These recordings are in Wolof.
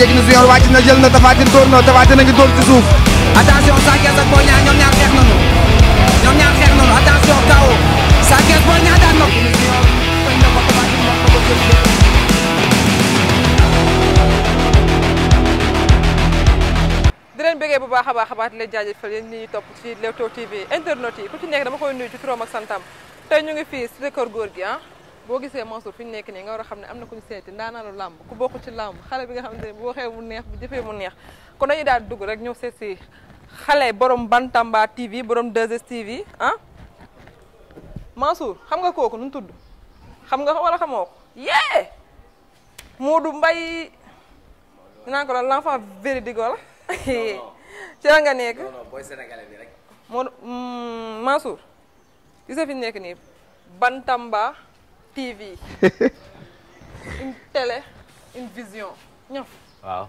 jéggi na junior wàcc na jël na tafaatin dóor na tafaatin ngi dóor ci suuf attention Sa Thiès ak Boy Niang ñoom ñoom ñaar xeex nañu attention kawo Sa Thiès Boy Niang daan na di leen bëggee bu baax a baax a baax di leen jaajëfal yéen ñi topp ci Leewtoo TV internet yi ku ci nekk dama koy nuyu ci turam ak santam tey ñu ngi fii ci kër góor gi ah boo gisee Mansour fi ñu nekk nii nga war a xam ne am na ku ñu seeti ndaanaanu làmb ku bokk ci làmb xale bi nga xam ne bu waxee mu neex bu jëfee mu neex kon dañuy daal dugg rek ñëw seet si xale borom Bantamba TV borom 2S TV ah Mansour xam nga kooku nu mu tudd xam nga wala xamoo ko mu Modou Mbaye dinaa ko la l'enfant véridique wala ci la nga nekk booy sénégalais bi rek Modou hmm, Mansour gisee fi ñu nekk nii Bantamba TV une télé une vision ñëw. waaw.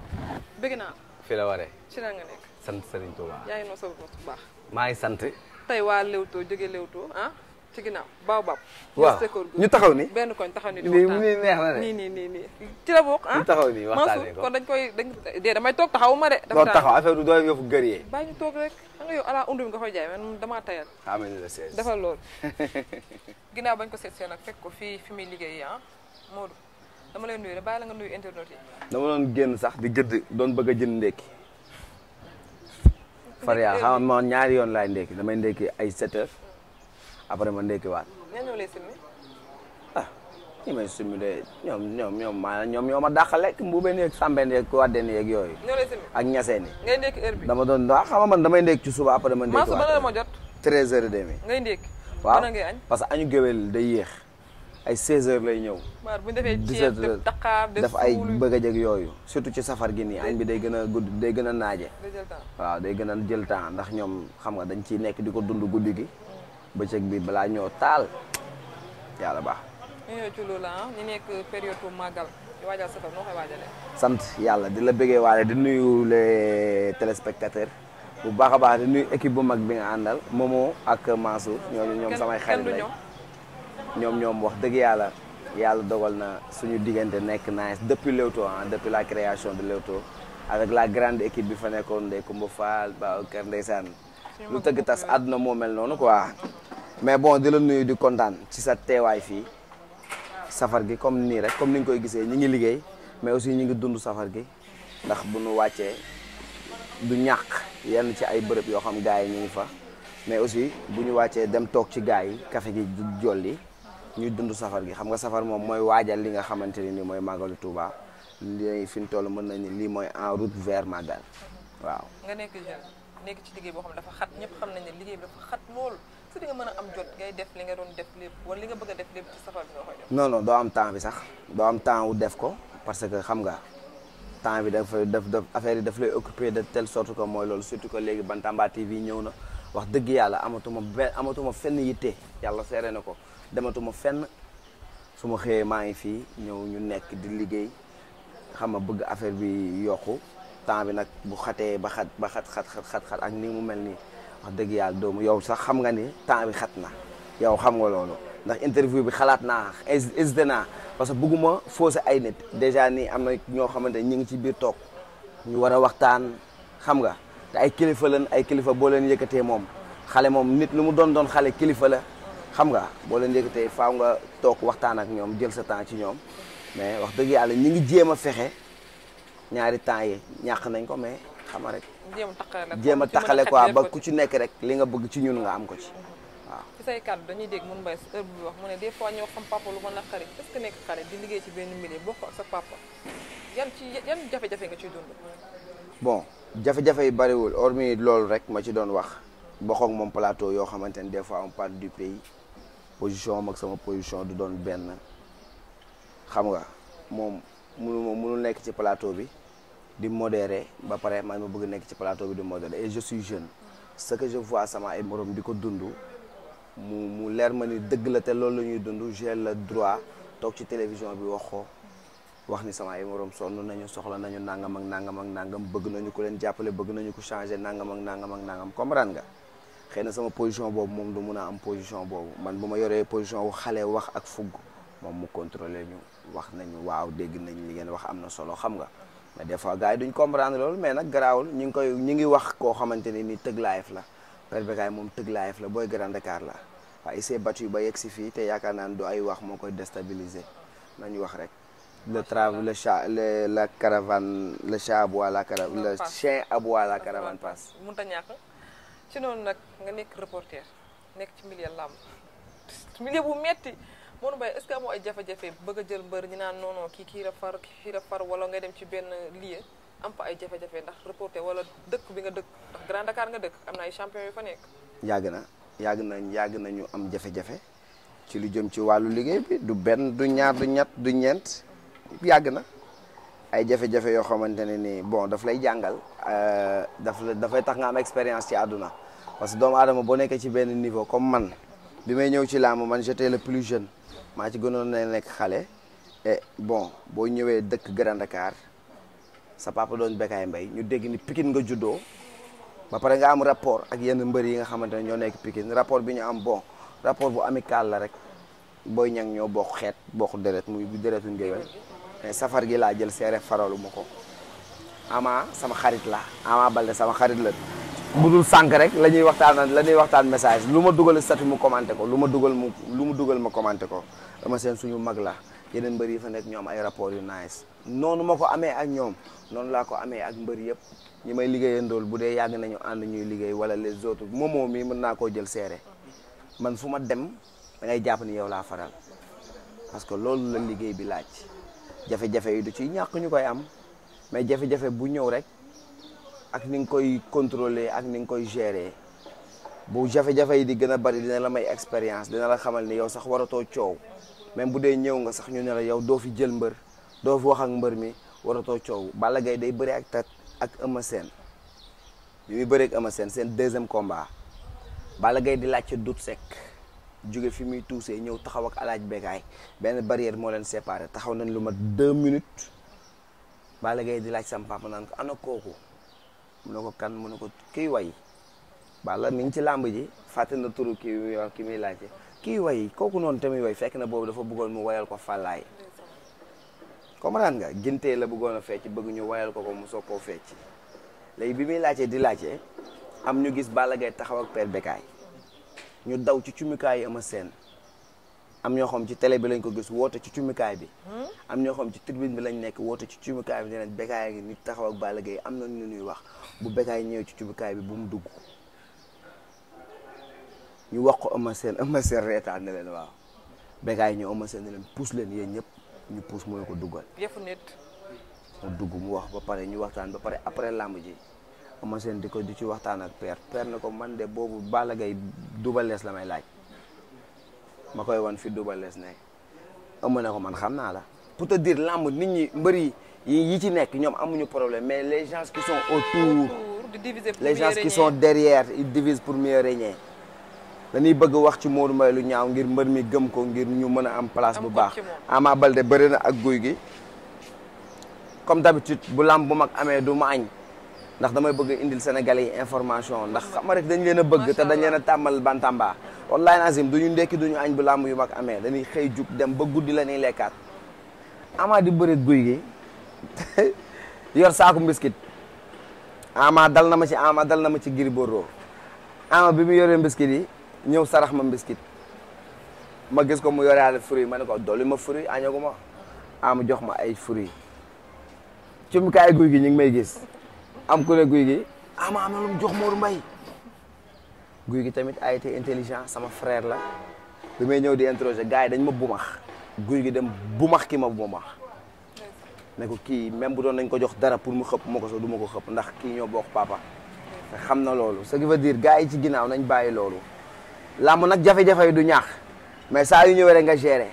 bëgg fii la waree. ci la nekk. sant Serigne Touba. yaa ngi noo sa bopp bu baax. ngi sant. tey waa Leewtoo jóge Leewtoo ah. ci ginnaaw baobab. waaw ñu taxaw ni benn koñ taxaw ni di waxtaan nii neex na de nii nii nii nii ci la bokk ah. kon dañ koy dañ dee damay toog taxaw ma de. dafa taxaw affaire du doole nga fu gër yee. bàyyi ñu toog rek xam nga yow ala undu bi nga koy jaay man loolu. ginnaaw bañ ko seet see nag fekk ko fii fi muy liggéey ah Modou dama lay nuyu rek bàyyi la nga nuyu internet yi. dama doon génn sax di gëdd doon bëgg a jënd ndekki. far yaa xam ma ñaari yoon laay ndekki damay ndekki ay 7 heures après ma ndékkiwaat. ñoo ñoo lay simmi. Ah, may simmi de ñoom ñoom ñoom maa ñoom ñoo ma dàq lekk mbuubeen yeeg sàmbeen yeeg wàddeen yeeg yooyu. ak ñaseen yi. dama doon ah xam nga man damay ndékki ci suba après ma. ndékkiwaat maa suba la ma jot. treize heures et demi. ngay ndékki. waaw parce que añu géwél day yéex ay 16h lay ñëw. waaw bu ñu def ay bëgg a jeg yooyu. surtout ci safar gi nii añ bi day gën a gudd day gën a naaje. waaw day gën a jël temps ndax ñoom xam nga dañ ciy nekk di ko dund guddi gi. bëccëg bi balaa ñoo taal yàlla baax. ñu ah. yàlla di la bëggee waale di nuyu les téléspectateurs bu baax a baax di nuyu équipe bu mag bi nga àndal Momo ak Mansour ñooñu ñoom samay xarit lañ ñoom ñoom wax dëgg yàlla yàlla dogal na suñu diggante nekk nice depuis Leewtoo ah depuis la création de Leewtoo avec la grande équipe bi fa nekkoon Ndeye Koumba Fall Ba Kër Ndeysaan lu tëgg tas àdduna moo mel noonu quoi mais bon di la nuyu di kontaan ci sa teewaay fii safar gi comme nii rek comme ni nga koy gisee ñi ngi liggéey mais aussi ñu ngi dund safar gi ndax bu nu wàccee du ñàkk yenn ci ay bërëb yoo xam gars yi ñu ngi fa mais aussi bu ñu wàccee dem toog ci gars yi café gi du jolli ñuy dund safar gi xam nga safar moom mooy waajal li nga xamante ne ni mooy màggalu Touba li fi ñu toll mën nañu lii mooy en route vers màggal waaw. nga liggéey est-ce que di nga mën a am jot ngay def li nga doon def lépp war li nga bëgg a def lépp ci safar bi nga koy doo am temps bi sax doo am temps wu def ko parce que xam nga temps bi dafa daf daf affaire yi daf lay occuper de tele sorte ko mooy loolu surtout que léegi Bantamba TV ñëw na wax dëgg yàlla amatuma benn amatuma fenn yitte yàlla seere na ko dematuma fenn su ma xëyee maa ngi fii ñëw ñu nekk di liggéey xam nga bëgg affaire bi yokku temps bi nag bu xatee ba xat ba xat xat xat ak ni mu mel nii. wax dëgg yàlla doomu yow sax xam nga ni temps bi xat na yow xam nga loolu ndax interview bi xalaat naa hésité naa parce que bëgguma fausser ay nit déjà nii am na ñoo xamante ñi ngi ci biir toog ñu war a waxtaan xam nga te ay kilifa lañ ay kilifa boo leen yëkkatee moom xale moom nit lu mu doon doon xale kilifa la xam nga boo leen yëkkatee faaw nga toog waxtaan ak ñoom jël sa temps ci ñoom mais wax dëgg yàlla ñi ngi jéem a fexe ñaari temps yi ñàq nañ ko mais xama rek jéem a taxale quoi ba ku ci nekk rek li nga bëgg ci ñun nga am ko ci waaw ci say kàddu dañuy dégg mun mbay heure bu wax mu ne des fois ñoo xam papa lu mën nekk xarit di liggéey ci benn mbir bokk ak sa papa yan jafe-jafe nga ciy dund bon jafe-jafe yi bariwul hormis loolu rek ma ci doon wax bokk moom plateau yoo xamante ne des fois on parle du pays position ak sama position du doon benn xam nga moom munu ma nekk ci plateau bi di modérer ba pare man ma bëgg nekk ci plateau bi di modérer et je jeune ce que je sama ay moroom di ko dund mu mu leer ma ni dëgg la te loolu la ñuy dund j'ai la droit toog ci télévision bi wax ko wax ni sama ay morom sonn nañu soxla nañu nangam ak nangam ak nangam bëgg nañu ko leen jàppale bëgg nañu ko changer nangam ak nangam ak nangam comprendre nga xëy na sama position boobu moom du mun a am position boobu man bu ma yoree position wu xale wax ak fugg moom mu contrôler ñu wax nañu waaw dégg nañ li ngeen wax am na solo xam nga mais des fois yi duñ comprendre loolu mais nag garaawul ñu ngi koy ñu ngi wax koo xamante ni tëgg live la Père Bécaye moom tëgg live la booy Grand Dakar la waaye il s'est battu ba yegg si fii te yaakaar naan doo ay wax moo koy déstabiliser nañu wax rek le travail le chat le la caravane le chat aboie la caravane le chien aboie la caravane passe mun ta ñàkk ci noonu nag nga nekk reporter nekk ci milieu làmb milieu bu metti Modou Mbaye est-ce que amoo ay jafe-jafe bëgg a jël mbër ñu naan non non kii kii la far kii la far wala nga dem ci benn lieu am fa ay jafe-jafe ndax reporté wala dëkk bi nga dëkk ndax Grand Dakar nga dëkk am na ay champion yu fa nekk. yàgg na yàgg na yàgg nañu am jafe-jafe ci lu jëm ci wàllu liggéey du benn du ñaar ñett du ñeent yàgg na ay jafe-jafe yoo xamante ne ni bon daf lay jàngal euh, daf la dafay tax nga am expérience ci adduna parce que doomu aadama boo nekkee ci benn niveau comme man bi may ñëw ci làmb man j'étais le plus jeune. maa ci gënoon na nekk xale et bon boo ñëwee dëkk Grand Dakar sa papa doon Bécaye Mbaye ñu dégg ni Pikine nga juddoo ba pare nga am rapport ak yenn mbër yi nga xamante ne ñoo nekk Pikine rapport bi ñu am bon rapport bu amical la rek booy ñang ñoo bokk xeet bokk deret muy deretu ngéwél mais safar gi laa jël seere faralu ma ko ama sama xarit la ama balde sama xarit la bu dul sànq rek la ñuy waxtaan la ñuy waxtaan message lu ma dugal statut mu commenté ko lu ma dugal mu lu mu dugal ma commenté ko dama seen suñu mag la yeneen mbër yi fa nekk ñoom ay rapport yu nice noonu ma ko amee ak ñoom noonu laa ko amee ak mbër yëpp ñi may liggéeyandool bu dee yàgg nañu ànd ñuy liggéey wala les autres moomoo mii mën naa koo jël seere man fu ma dem da ngay jàpp ni yow laa faral parce que loolu la liggéey bi laaj jafe-jafe yi du ci ñàkk ñu koy am mais jafe-jafe bu ñëw rek ak ni nga koy contrôler ak ni nga koy gérer bu jafe-jafe yi di gën a bari dina la may expérience dina la xamal ni yow sax waratoo coow même bu dee ñëw nga sax ñu ne la yow doo fi jël mbër doo fi wax ak mbër mi waratoo coow bala gay day bëri ak tat ak Eumeu Sène bi muy bëri ak Eumeu Sène seen deuxième combat bala Gaye di laajte dut sekk jóge fi muy tuusee ñëw taxaw ak alaaj Bécaye benn barrière moo leen séparé taxaw nañ lu mat deux minutes bala Gaye di laaj sam papa naan ko ana kooku mu ne ko kan mu ne ko kiy way Balla mi ngi ci làmb ji fàtte na turu ki muy wax ki muy laajte kiy way kooku noonu tamit way fekk na boobu dafa bëggoon mu wayal ko fàllaay comprendre nga gintee la buggoon a fecc bëgg ñu wayal ko ko mu soog koo fecc léegi bi muy laajte di laajte am ñu gis Balla Gaye taxaw ak Père Bécaye ñu daw ci cumukaay Eumeu Sène am ñoo xam ci tele bi lañ ko gis woote ci cumukaay bi hmm? am ñoo xam ci tribune bi lañ nekk woote ci cumukaay bi ne leen Bécaye ngi nit taxaw ak Balla Gaye am ñu ñuy wax bu Bécaye ñëw ci cumukaay bi bu mu dugg ñu wax ko Eumeu Sène Eumeu Sène reetaan ne leen waaw Bécaye ñëw Eumeu Sène ne leen puus leen yéen ñëpp ñu puus mooy ko duggal mu dugg mu wax ba pare ñu waxtaan ba pare après làmb ji Eumeu seen di ko di ci waxtaan ak père père na ko man de boobu Balla Gaye Double Less la may laaj ma koy wan fi Double Less nekk ëmb ne ko man xam naa la pour te dire làmb nit ñi mbëri yi ci nekk ñoom amuñu problème mais les gens qui sont autour les gens qui sont derrière ils divisent pour mieux régner dañuy bëgg wax ci Modou Mbaye lu ñaaw ngir mbër mi gëm ko ngir ñu mën a am place bu baax Ama Baldé bëri na ak guy gi comme d'habitude bu làmb bu mag amee du ma añ ndax damay bëgg indil Sénégalais yi information ndax xam rek dañ leen a bëgg te dañ leen a tàmmal bantamba wallahi nazim ñu ndekki duñu añ bu làmb yu mag amee dañuy xëy jug dem ba guddi la ñuy lekkaat ama di bëreet guy gi yor saaku mbiskit ama dal na ma ci ama dal na ma ci Gris bi mu yoree mbiskit yi ñëw sarax ma mbiskit ma gis ko mu yoreale fruit ma ne ko dolli ma fruit añagu ma ama jox ma ay fruit ci mu kaay guy gi ñu ngi may gis am ku ne guy gi ama am lu mu jox Modou Mbaye guy gi tamit a été intelligent sama frère la bi may ñëw di interroger gars yi dañ ma bumax guy gi dem bumax ki ma bumax ne ko kii même bu doon nañ ko jox dara pour mu xëpp ma ko so du ma ko xëpp ndax ki ñoo bokk papa te xam na loolu ce qui veut dire gars yi ci ginnaaw nañ bàyyi loolu làmb nag jafe-jafe yi du ñaax mais saa yu ñëwee rek nga gérer.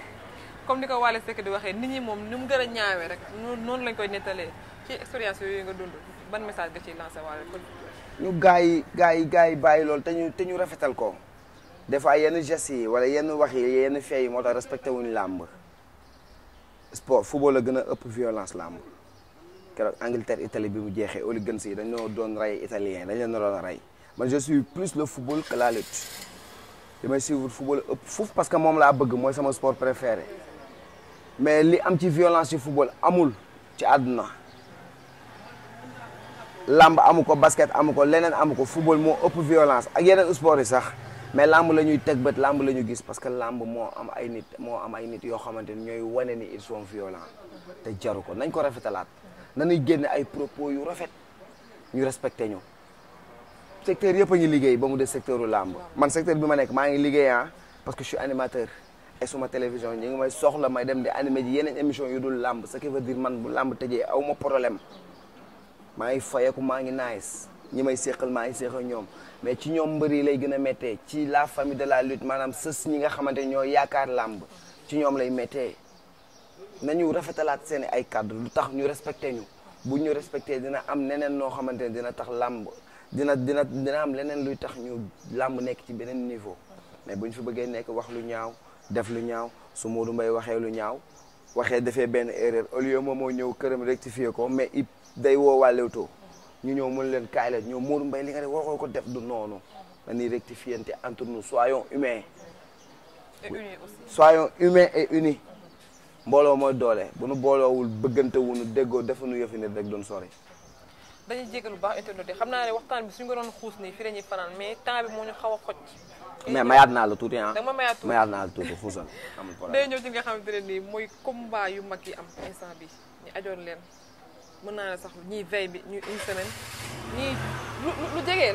comme ni ko Wally Seck di waxee nit ñi moom ni mu gën a ñaawee rek noonu lañ koy nettalee ci expérience yooyu nga dund ban nga ciy lancé Wally ñu gars yi gars yi gars yi bàyyi loolu te ñu te ñu rafetal ko des fois yenn gestes yi wala yenn wax yi yenn fee yi moo tax respecté wuñu làmb sport football la gën a ëpp violence làmb keroog Angleterre Italie bi mu jeexee hooligans yi dañoo doon rey italien dañ leen doon rey man je suis plus le football que la lutte li may suivre football ëpp fuuf parce que moom laa bëgg mooy sama sport préféré mais li am ci violence ci football amul ci àdduna. lamb amu ko basket amu ko leneen amu ko football moo ëpp violence ak yeneen sport yi sax mais lamb la ñuy teg bët lamb la ñu gis parce que lamb moo am ay nit moo am ay nit yoo xamante ni ñooy wane ni ils sont violents te jaru ko nañ ko rafetalaat nañuy génne ay propos yu rafet ñu respecté ñu secteur yëpp a ngi liggéey ba mu des secteur u lamb man secteur bi ma nekk maa ngi liggéey ah parce que je animateur et suma télévision ñu ngi may soxla may dem di animé ji yeneen émission yu dul lamb ce qui veut dire man bu lamb aw ma problème maa ngi fayeku maa ngi nice ñi may séqal maa ngi séqal ñoom mais ci ñoom mbër yi lay gën a méttee ci la famille de la lut maanaam sës ñi nga xamante ñoo yaakaar làmb ci ñoom lay méttee nañu rafetalaat seen ay cadre lu tax ñu respecté ñu bu ñu respecté dina am neneen noo xamante ne dina tax làmb dina dina dina am leneen luy tax ñu làmb nekk ci beneen niveau mais bu ñu fi bëggee nekk wax lu ñaaw def lu ñaaw su Modou mbay waxee lu ñaaw waxee defee benn erreur au moom moo ñëw këram rectifier ko mais day woowaa Leewtoo ñu ñëw mën leen kaay la ñoom Modou Mbaye li nga def waroo ko def du noonu nii mm-hmm. rectifier entre nous soyons humains. et unis aussi. soyons mbooloo mooy doole bu nu booloo wul bëggante wuñu déggoo defuñu yëfi nit rek doon sori. dañuy lu baax internet xam naa ne waxtaan bi suñu ko doon xuus nii fii la ñuy mais temps bi moo ñu xaw a xoj. mais naa la tuuti ah. dama mayaat tuuti mayaat naa la tuuti xuusal. amul problème day ñëw ci yu mag yi am instant bi ñu ajoon leen. mën naa ne sax ñuy veille bi ñuy une semaine ñuy lu lu jege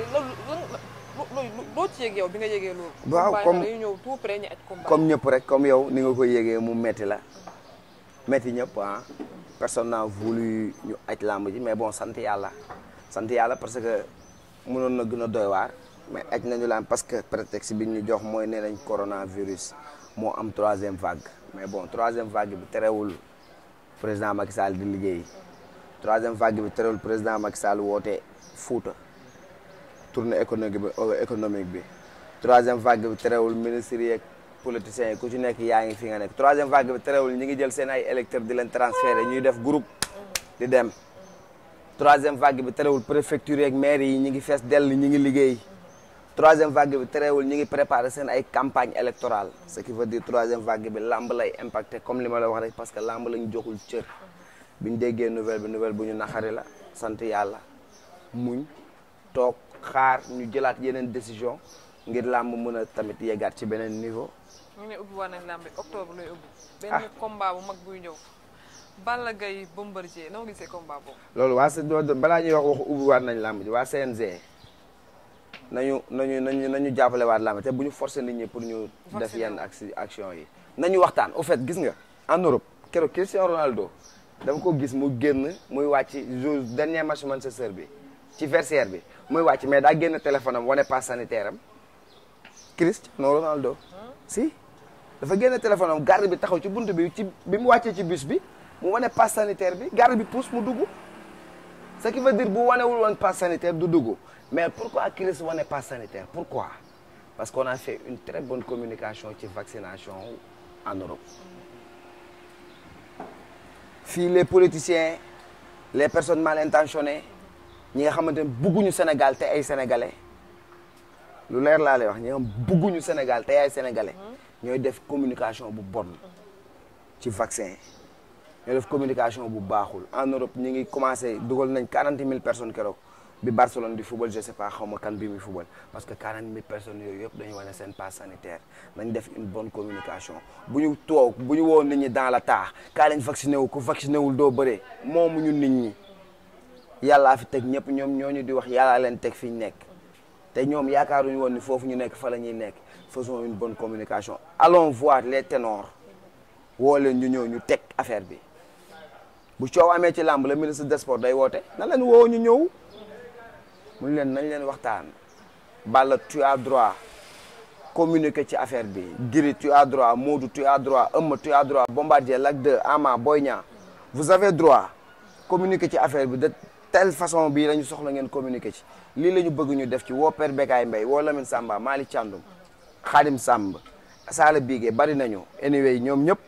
loo ci yëg yow bi nga yëgee loolu. waaw comme dañuy ñëw tout près ñu aj combat comme ñëpp rek comme yow ni nga ko yëgee mu metti la metti ñëpp ah personne n'a voulu ñu aj làmb ji mais bon sant yàlla sant yàlla parce que mënoon na gën a doy waar mais aj nañu làmb parce que prétexte bi ñu jox mooy nee nañ coronavirus moo am troisième vague mais bon troisième vague bi terewul président Macky Sall di liggéey. troisième vague bi terewul président mak Sall woote Fouta tournée économique bi euh, économique bi troisième vague bi terewul ministres yeeg politiciens yi ku ci nekk yaa ngi fi nga nekk troisième vague bi terewul ñi ngi jël seen ay électeurs di leen transférer ñuy def groupe di dem troisième vague bi terewul préfecture yeeg maire yi ñi ngi fees dell ñi ngi liggéey troisième vague bi terewul ñi ngi préparer seen ay campagne électorale ce qui veut dire troisième vague bi lamb lay impacté comme li ma la wax parce que lamb lañ joxul cër bi ñu déggee nouvelle bi nouvelle bu ñu naxari la sant yàlla muñ toog xaar ñu jëlaat yeneen décision ngir làmb mën a tamit yeggaat ci beneen niveau. ñu ne ubbi waa làmb octobre mag buy ñëw. Balla Gaye Bombardier noo gisee combat boobu. loolu waa CNG balaa ñuy wax waxu nañ làmb ji waa CNG nañu nañu nañu nañu jàppale waat làmb te bu ñu forcer nit ñi pour ñu. def yenn action yi. nañu waxtaan u fait gis nga en Europe keroog Cristiano Ronaldo. dama ko gis mu génn muy wàcc jour dernier match Manchester bi ci vestiaire bi muy wàcc mais daa génn téléphone am wane passe sanitaire am Cristiano Ronaldo si dafa génn téléphone am garde bi taxaw ci bunt bi ci bi mu wàccee ci bus bi mu wane passe sanitaire bi garde bi pousse mu dugg ce qui veut dire bu wanewul woon passe sanitaire du dugg mais pourquoi Chris wane passe sanitaire pourquoi parce qu'on a fait une très bonne communication ci vaccination en Europe fii les politiciens les personnes mal intentionnées ñi nga xamante ne bugguñu Sénégal te ay sénégalais lu leer laa wax ñi nga xam bugguñu Sénégal te ay sénégalais ñooy def communication bu bon ci vaccin ñooy def communication bu baaxul en Europe ñu ngi commencé dugal nañ quarante mille personnes keroog. bi Barcelone di football je sais pas xaw ma kan bi muy football parce que quarante mille personnes yooyu yëpp dañu wane seen passe sanitaire nañ def une bonne communication bu ñu toog bu ñu woo nit ñi dans la taax kaa leen wu ku vacciné wul doo bëree moomu ñu nit ñi yàllaa fi teg ñëpp ñoom ñooñu di wax yàllaa leen teg fi ñu nekk te ñoom yaakaaruñu woon ni foofu ñu nekk fa la ñuy nekk faisons une bonne communication allons voir les tenoor woo leen ñu ñëw ñu teg affaire bi bu coow amee ci làmb le ministre des sports day woote mu leen nañ leen waxtaan Balla tu as droit communiquer ci affaire bi Giri tu as droit Modou tu as droit Eumeu tu as droit Bombardier Lac 2 Ama Boy Niang vous avez droit communiquer ci affaire bi de telle façon bii la ñu soxla ngeen communiquer ci lii la ñu bëgg ñu def ci woo Père Bécaye Mbaye woo Lamine Samba Malick Thiandoum Khadim Samb Sala Bigué bari nañu anyway ñoom ñëpp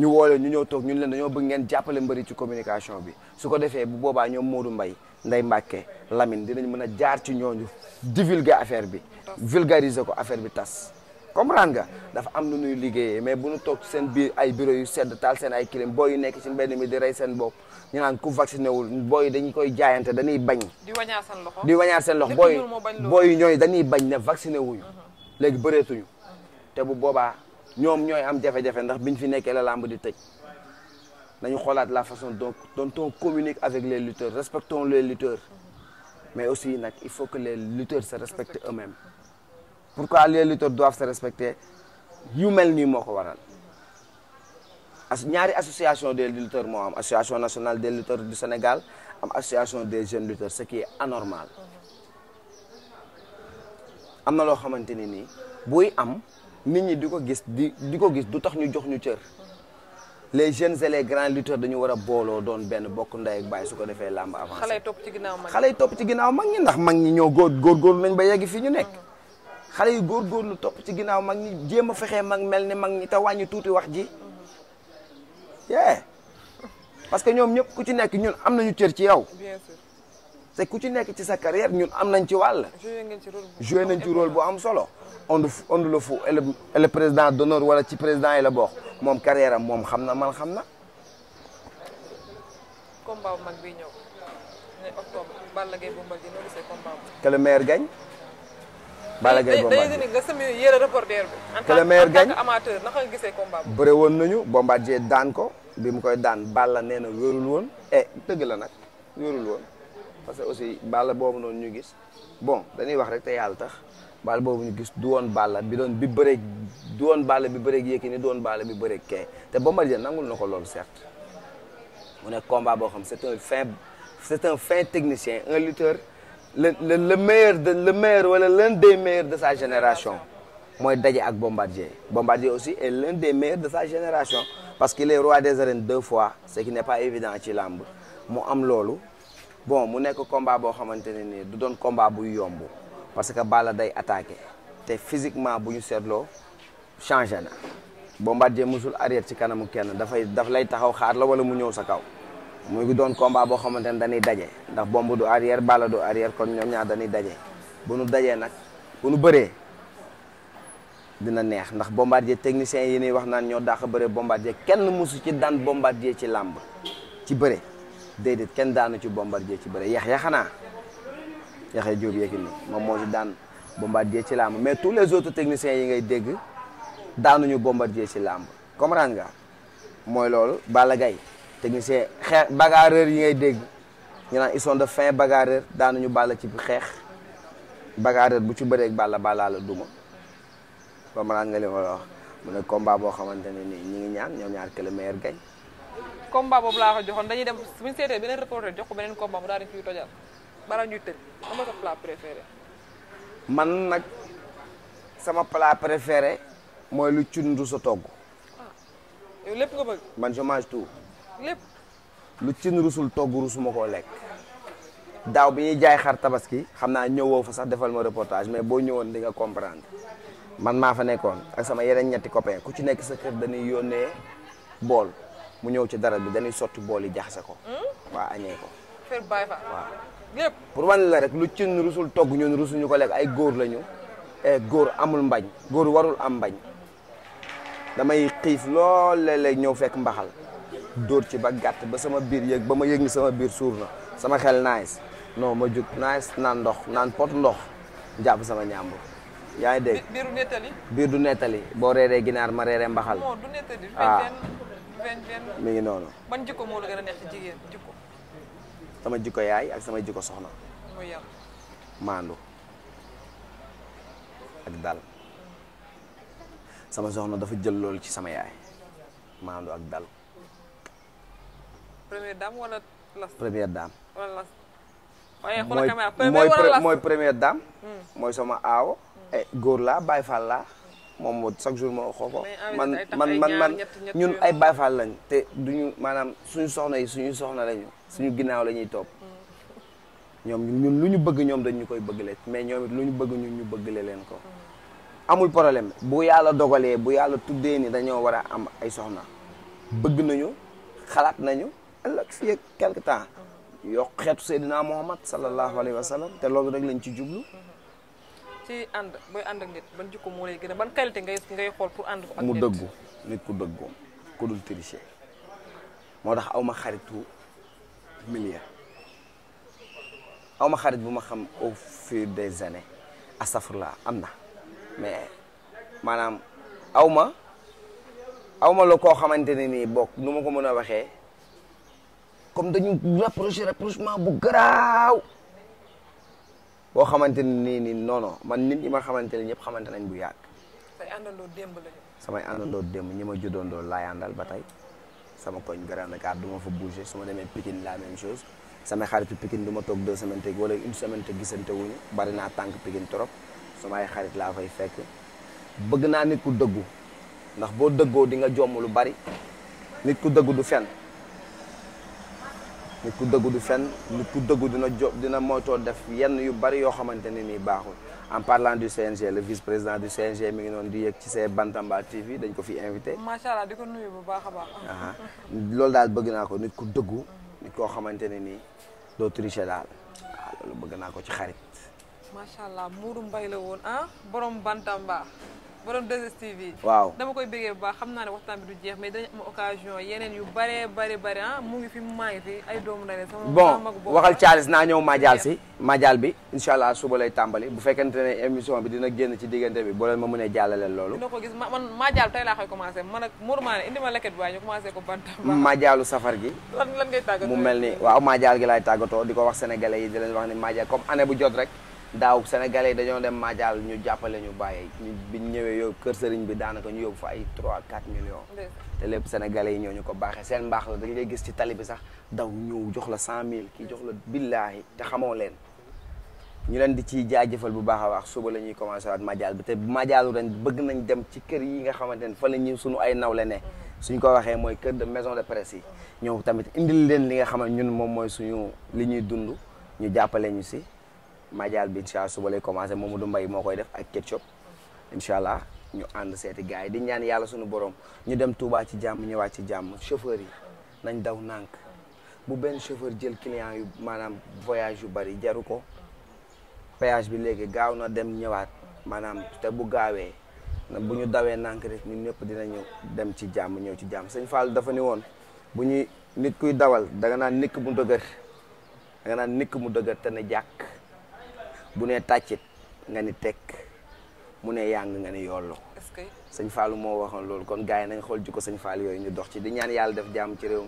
ñu woole ñu ñëw toog ñun leen dañoo bëgg ngeen jàppale mbëri ci communication bi su ko defee bu boobaa ñoom Modou Mbaye Ndeye Mbacke Lamine dinañ mën a jaar ci ñooñu divulguer affaire bi vulgariser ko affaire bi tas comprendre nga dafa am nu ñuy liggéeyee mais bu ñu toog seen bi ay bureau yu sedd taal seen ay clim booy yu nekk ci mbedd di rey seen bop ñu naan ku vacciné wul booy dañu koy jaayante dañuy bañ. di wañaar seen loxo di wañaar seen loxo booy booy ñooy dañuy bañ ne vacciné wuñu léegi ñoom ñooy am jafe-jafe ndax biñ fi nekkee la làmb di tëj nañu xoolaat la façon donc dont on communique avec les lutteurs respectons les lutteurs mais aussi nag il faut que les lutteurs se respectent eux-mêmes pourquoi les lutteurs doivent se respecter yu mel nii moo ko waral as ñaari association des lutteurs moo am association nationale des lutteurs du Sénégal am association des jeunes lutteurs ce qui est anormal am na loo xamante ni nii buy am nit ñi di ko gis di di ko gis du tax ñu jox ñu cër les jeunes et les grands lutteurs dañu war a booloo doon benn bokk ndey ak baay su ko defee làmb avancé. xale yi topp ci ginnaaw mag ñi xale yi topp ci ginnaaw mag ñi ndax mag ñi ñoo góor góorgóorlu nañ ba yegg fi ñu nekk. xale yu góorgóorlu topp ci ginnaaw mag ñi jéem a fexee mag mel ni mag ñi te wàññi tuuti wax ji. parce que ñoom ñëpp ku ci nekk ñun am na ñu cër ci yow. bien te ku ci nekk ci sa carrière ñun am nañ ci wàll. joué nañ ci rôle bu am solo. ond ond la fu le président d'honneur wala ci président yi la bokk moom carrière moom xam na man xam na. combat mag bi ñëw ne octobre Balla Gaye Bombardier noonu c'est combat que maire gagne. Balla amateur naka nga gisee combat woon nañu Bombardier daan ko bi mu koy daan Balla nee na wérul woon eh dëgg la nag wérul woon. parce que aussi Balla boobu noonu ñu gis bon dañuy wax rek te yàlla tax Balla boobu ñu gis du woon Balla bi doon bi bëreeg du woon Balla bi bëreeg Yékini du woon bi bëreeg Kay te Bombardier nangul na ko loolu certes mu nekk komba boo xam c'est un fin c'est un fin technicien un lutteur le le le meilleur de le meilleur wala l'un des de sa génération mooy daje ak Bombardier Bombardier aussi est l'un des meilleurs de sa génération parce qu'il est roi des arènes deux fois ce qui n'est pas évident ci làmb mu am loolu bon mu nekk combat boo xamante ne nii du doon combat buy yombu parce que Balla day attaqué te physiquement bu ñu seetloo changé na Bombardier musul arrière ci kanamu kenn dafay daf lay taxaw xaar la wala mu ñëw sa kaw mu ngi doon combat boo xamante ne dañuy daje ndax bomb du arrière Balla du arrière kon ñoom ñaar dañuy daje bu nu dajee nag bu nu bëree dina neex ndax Bombardier technicien yi ñuy wax naan ñoo dàq bëre Bombardier kenn musu ci daan jee ci làmb ci bëre déedéet kenn daanu ci bombardier ci bëre yax yaxanaa yaxee Diop Yékini moom moo ci daan bombardier ci làmb mais tous les autres techniciens yi ngay dégg daanuñu bombardier ci làmb comprendre nga mooy loolu bala gay technicien xeex bagarreur yi ngay dégg ñu naan ils sont de fin bagarreur ñu Balla ci xeex bagarreur bu ci bëreeg Balla Balla duma duma comprendre nga li mu ne combat boo xamante ne nii ñi ngi ñaan ñoom ñaar que le comme baa boobu laa ko joxoon dañuy dem suñu seetee beneen reporter jox ko beneen combat mu daal di ciy tojal balaa ñuy tëj dama sa plat man nag sama plat préféré mooy lu cundu sa togg. Ah, lépp man je lépp. lu cin rusul togg rusuma koo lekk. daaw bi ñuy jaay xar tabaski xam naa ñëwoo fa sax defal ma reportage mais boo ñëwoon di nga comprendre man maa fa nekkoon ak sama yeneen ñetti copain ku ci nekk sa kër dañuy yónnee bool mu ñëw ci dara bi dañuy sotti bool yi jaxase ko. Hmm? waaw añee ko. fer bàyyi fa la rek lu cin rusul togg ñun rusul ñu ko lekk ay góor lañu. Eh, góor amul mbañ. góor warul am mbañ. damay xiif lool léeg-léeg ñëw fekk mbaxal. dóor ci ba gàtt ba sama biir yëg ba ma yëg sama biir suur na sama xel nice noo ma jug nice naan ndox naan pot ndox jàpp sama ñàmbur. yaa ngi dégg biir du nettali. boo reeree ginaar ma reeree mbaxal. non mi ngi noonu. ban jikko moo la gën a neex ci jigéen jikko. sama jikko yaay ak sama jikko soxna. muy maandu ak dal. sama soxna dafa jël loolu ci sama yaay maandu ak dal. première dame wala las. première dame. mooy première dame. Hmm. mooy sama aawo. Hmm. Eh, góor laa Baay Faal laa. moom moo chaque jour moo xoo ko man man man man ñun ay Baay Faal lañ te duñu maanaam suñu soxna yi suñu soxna lañu suñu ginnaaw la ñuy topp mm. ñoom ñun lu ñu bëgg ñoom dañ ñu koy bëgg leen mais ñoom lu ñu bëgg ñun ñu bëggale leen ko mm. amul problème bu yàlla dogalee bu yàlla tuddee ni dañoo war a am ay soxna bëgg nañu xalaat nañu ëllëg fii ak quelque temps mm. yokk xeetu Seydina Muhammad sallallahu alayhi wa sallam te loolu rek lañ ci jublu ci ànd booy ànd ak nit ban jikko moo lay gën a ban qualité ngay xool pour ànd ko ak nit mu dëggu nit ku dëggu ku dul tricher moo tax awma xaritu milliard aw xarit bu ma xam au fil des années astafurlah am na mais maanaam awma ma aw ma koo xamante ne nii bokk nu ma ko mën a waxee comme dañu rapproché rapprochement bu garaaw. boo xamante ni nii non non man nit ñi ma xamante ne ñëpp xamante nañ bu yàgg. samay àndandoo démb lañu. samay àndandoo ñi ma juddoondoo laay àndal ba tey sama koñ Grand Dakar du ma fa bouger su ma demee Pikine la même chose samay xaritu Pikine du ma toog deux semaines teg wala une semaine te gisante wuñu bari naa tànk Pikine trop samay xarit laa fay fekk bëgg naa nit ku dëggu ndax boo dëggoo di nga jomm lu bari nit ku dëggu du fen nit ku dëggu du fenn nit ku dëggu dina jo dina moytoo def yenn yu bari yoo xamante ne nii baaxul en parlant du CNG le vice président du CNG mi ngi noonu di yëg ci see Bantamba TV dañ ko fi invité. macha allah di ko bu baax a baax. loolu daal bëgg naa ko nit ku dëggu. nit koo xamante ne nii doo tricher daal waaw loolu bëgg naa ko ci xarit. macha allah Mourou Mbaye la woon ah borom Bantamba. borom 2STV waaw dama koy bëggee bu baax xam naa ne waxtaan bi du jeex mais dañu am occasion yeneen yu bare bare bare ah mu ngi fi maa ngi fi ay doom ndane sama bon waxal Charles naa ñëw majaal si majaal bi incha allah suba tàmbali bu fekkente ne émission bi dina génn ci diggante bi boo ma mënee jàllaleel loolu dina ko gis man majaal tey laa koy commencé man ak Mour Mané indi ko banta majaalu safar mu mel ni waaw majaal gi laay tàggatoo di ko wax sénégalais yi di leen wax ni majaal comme année bu jot rek daaw yi dañoo dem Madial ñu jàppale ñu bàyyi ñu biñ ñëwee yow kër sëriñ bi daanaka ñu yóbbu fa ay trois 4 millions. te lépp sénégalais yi ñoo ñu ko baaxee seen mbaax la dañ lay gis ci tali bi sax daw ñëw jox la 100000 kii jox la billaahi te xamoo leen. ñu leen di ci jaajëfal bu baax a baax suba la ñuy commencé waat Madial bi te Madialu ren bëgg nañ dem ci kër yi nga xamante ne fa la ñu suñu ay nawle ne. suñ ko waxee mooy kër de maison de presse yi. tamit indil leen li nga xam ne ñun moom mooy suñu li ñuy dund ñu jàppale ñu si Madial bi incha allah suba lay commencé Momadou moo koy def ak Ketchup incha allah ñu ànd seeti gars yi di ñaan yàlla suñu borom ñu dem Touba ci jàmm ñëwaat ci jàmm chauffeur yi nañ daw nànk bu benn chauffeur jël client yu maanaam voyage yu bari jaru ko péage bi léegi gaaw na dem ñëwaat maanaam te bu gaawee bu ñu dawee nànk rek ñun ñëpp dinañu dem ci jàmm ñëw ci jàmm sëñ Fall dafa ni woon bu ñuy nit kuy dawal danga naan nikk mu dëgër naan nikk mu dëgër te ne jàkk bu ne tàccit nga ni tekk mu ne yàng nga ni yollu sëñ Fallou moo waxoon loolu kon gars yi nañ xool jikko sëñ Fallou yooyu ñu dox ci di ñaan yàlla def jàmm ci réew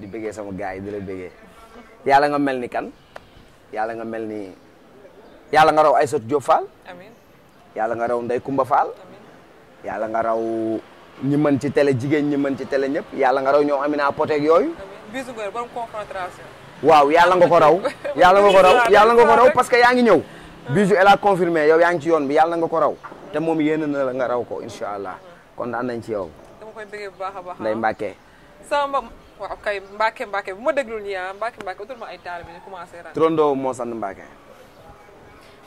di bëggee sama gars yi di la bëggee yàlla nga mel ni kan yàlla nga mel ni yàlla nga raw Aïssatou Diop Fall amiin nga raw Ndeye Kumba Fall yàlla nga raw ñi mën ci télé jigéen ñi mën ci télé ñëpp yàlla nga raw ñoom Amina Potek yooyu waaw yàlla nga ko raw yàlla nga ko raw yàlla nga ko raw parce que yaa ngi ñëw Bijou elle a confirmé yow yaa ngi ci yoon bi yàlla nga ko raw te moom yéene na la nga raw ko incha allah kontaan nañ ci yow. dama koy bëggee bu baax a baax. nday ah. Mbacke. sama waaw kay Mbacke Mbacke bu ma déglul nii ah Mbacke Mbacke utul ma ay taal bi ñu commencé. turandoo moo sant Mbacke.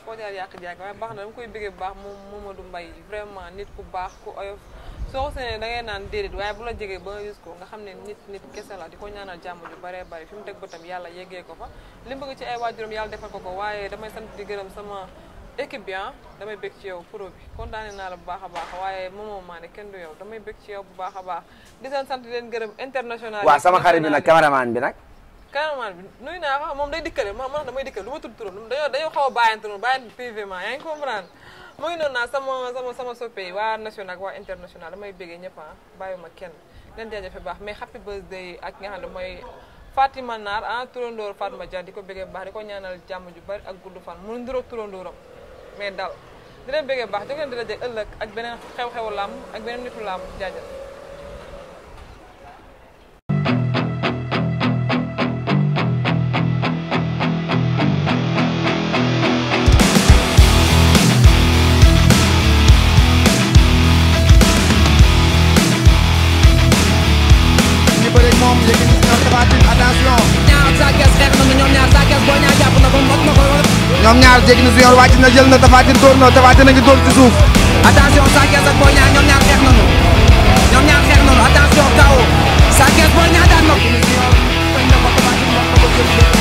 foo jaar yàq jaag baax na dama koy bëggee bu baax moom Momadou Mbaye vraiment nit ku baax ku oyof. soo ko seenee da ngay naan déedéet waaye bu la jegee ba nga ko nga xam ne nit nit kese la di ko ñaanal jàmm ju baree bari fi mu teg bëtam yàlla yeggee ko fa li mu bëgg ci ay waajuram yàlla ko ko waaye damay sant di gërëm sama équipe bi ah, damay bég ci yow naa la bu baax a baax waaye moom maa ne kenn du yow damay bég ci yow bu baax a baax di leen sant di leen gërëm international waaw sama xarit bi nag cameraman bi nag cameraman bi nuyu ko moom day dikkale ma man damay dikkale lu ma tudd turam dañoo dañoo xaw a bàyyante noonu bàyyante privé ma yaa mooy ngi noonu sama sama sama soppe waa national waa international damay béggee ñëpp ah bàyyiwuma kenn leen jaajëfe baax mais happy birthday ak nga xam ne mooy Fatima Naar ah turandoor Fatma Dia di ko béggee baax di ko ñaanal jàmm ju bari ak gudd fan mu nduroog turandooram mais dal di leen béggee baax jóg leen di la jeg ëllëg ak beneen xew-xewu làmb ak beneen nitu làmb jaajëf ñoom ñaar jéggi na junior wàcc na jël na tafaatin dóor na tafaatin ngi dóor ci suuf attention Sa Thiès ñoom ñaar xeex nañu ñoom ñaar xeex nañu attention kaw Sa Thiès Boy Niang daan na